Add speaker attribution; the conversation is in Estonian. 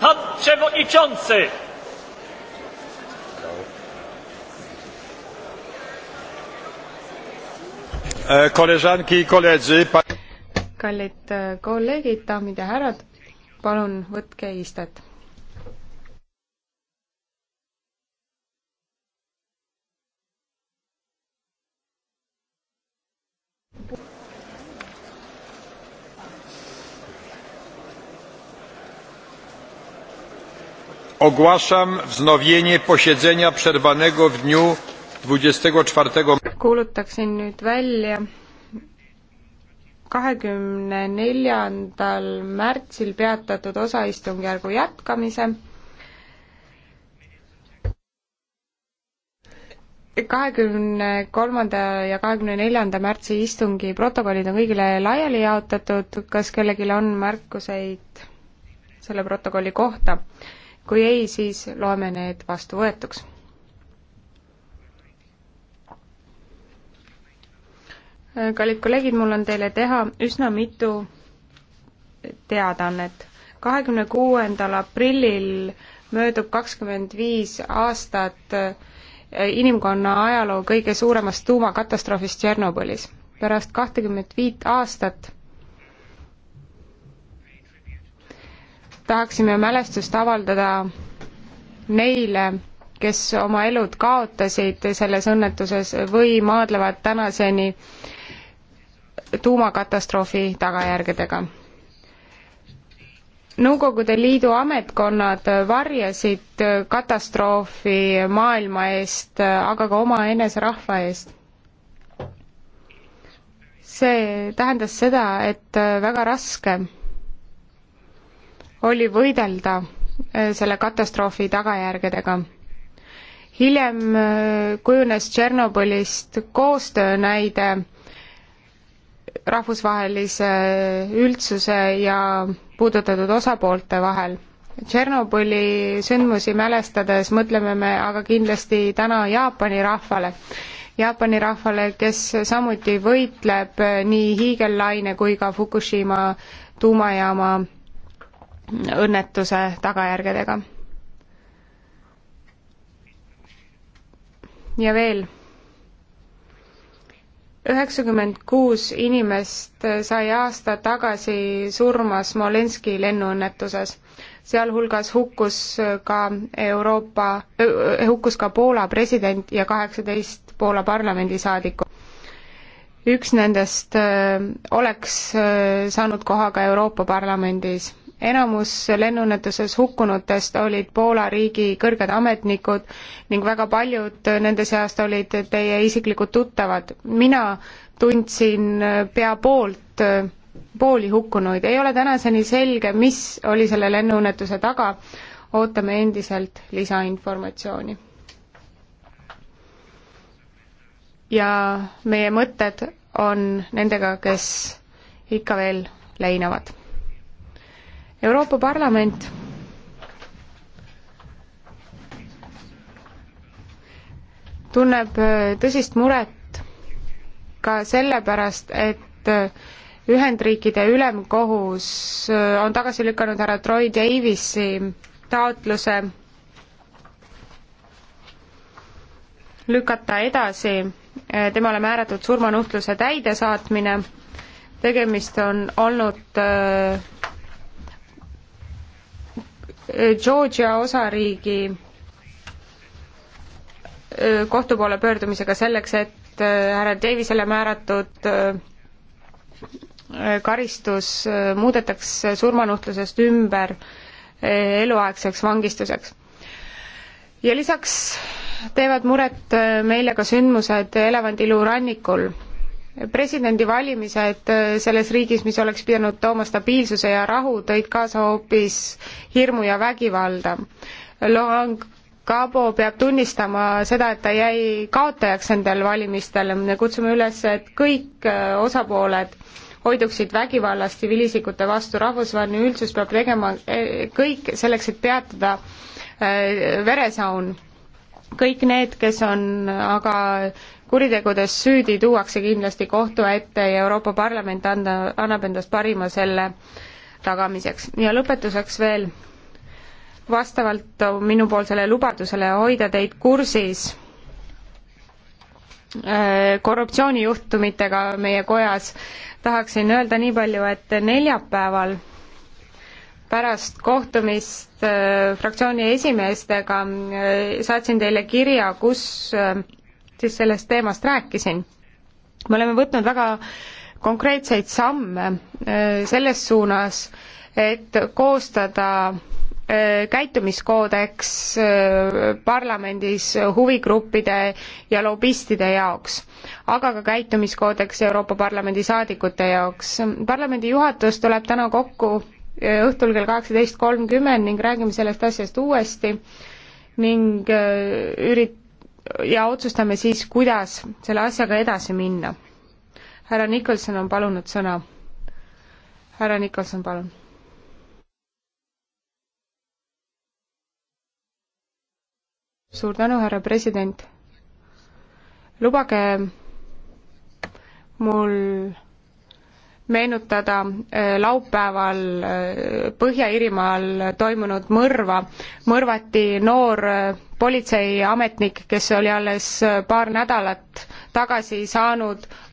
Speaker 1: Pan Przewodniczący! E, koleżanki i koledzy. Kallid e, kolleegid, daamid ja härrad, palun võtke istet. Ogłaszam wznowienie posiedzenia przerwanego w dniu 24 kuulutaksin nüüd välja kahekümne neljandal märtsil peatatud osaistungjärgu jätkamise. kahekümne kolmanda ja kahekümne neljanda märtsi istungi protokollid on kõigile laiali jaotatud, kas kellelgi on märkuseid selle protokolli kohta? kui ei, siis loeme need vastuvõetuks. kallid kolleegid, mul on teile teha üsna mitu teadaannet. kahekümne kuuendal aprillil möödub kakskümmend viis aastat eh, inimkonna ajaloo kõige suuremast tuumakatastroofist Tšernobõlis. pärast kahtekümmet viit aastat tahaksime mälestust avaldada neile, kes oma elud kaotasid selles õnnetuses või maadlevad tänaseni tuumakatastroofi tagajärgedega. Nõukogude Liidu ametkonnad varjasid katastroofi maailma eest, aga ka omaenese rahva eest. see tähendas seda, et väga raske oli võidelda äh, selle katastroofi tagajärgedega. hiljem äh, kujunes Tšernobõlist koostöö näide rahvusvahelise äh, üldsuse ja puudutatud osapoolte vahel Tšernobõli sündmusi mälestades mõtleme me aga kindlasti täna Jaapani rahvale. Jaapani rahvale, kes samuti võitleb nii hiigellaine kui ka Fukushima tuumajaama õnnetuse tagajärgedega. ja veel, üheksakümmend kuus inimest sai aasta tagasi surma Smolenski lennuõnnetuses. sealhulgas hukkus ka Euroopa, äh, hukkus ka Poola president ja kaheksateist Poola parlamendisaadikut üks nendest äh, oleks äh, saanud koha ka Euroopa Parlamendis enamus lennuõnnetuses hukkunutest olid Poola riigi kõrged ametnikud ning väga paljud nende seast olid teie isiklikud tuttavad. mina tundsin pea poolt, pooli hukkunuid. ei ole tänaseni selge, mis oli selle lennuõnnetuse taga, ootame endiselt lisainformatsiooni. ja meie mõtted on nendega, kes ikka veel leinavad Euroopa Parlament tunneb äh, tõsist muret ka sellepärast, et äh, Ühendriikide ülemkohus äh, on tagasi lükanud härra Troy Davisi taotluse lükata edasi temale määratud surmanuhtluse täidesaatmine. tegemist on olnud äh, Georgia osariigi kohtu poole pöördumisega selleks, et härra Davisele määratud karistus muudetaks surmanuhtlusest ümber eluaegseks vangistuseks. ja lisaks teevad muret meile ka sündmused Elevandiluu rannikul presidendivalimised äh, selles riigis, mis oleks pidanud tooma stabiilsuse ja rahu, tõid kaasa hoopis hirmu ja vägivalda. Laurent Gabo peab tunnistama seda, et ta jäi kaotajaks nendel valimistel. me kutsume üles, et kõik äh, osapooled hoiduksid vägivallast tsiviilisikute vastu, rahvusvaheline üldsus peab tegema äh, kõik selleks, et peatada veresaun kõik need, kes on aga kuritegudes süüdi, tuuakse kindlasti kohtu ette ja Euroopa Parlament anda, annab endast parima selle tagamiseks. ja lõpetuseks veel, vastavalt minupoolsele lubadusele hoida teid kursis äh, korruptsioonijuhtumitega meie kojas, tahaksin öelda nii palju, et neljapäeval pärast kohtumist äh, fraktsiooni esimeestega äh, saatsin teile kirja, kus äh, siis sellest teemast rääkisin. me oleme võtnud väga konkreetseid samme selles suunas, et koostada käitumiskoodeks parlamendis huvigruppide ja lobistide jaoks, aga ka käitumiskoodeks Euroopa Parlamendi saadikute jaoks. parlamendi juhatus tuleb täna kokku õhtul kell kaheksateist kolmkümmend ning räägime sellest asjast uuesti ning äh, ürit- ja otsustame siis, kuidas selle asjaga edasi minna. härra Nikolson on palunud sõna. härra Nikolson, palun. suur tänu, härra president. lubage mul meenutada äh, laupäeval äh, Põhja-Iirimaal toimunud mõrva. mõrvati noor äh, politseiametnik, kes oli alles paar nädalat tagasi saanud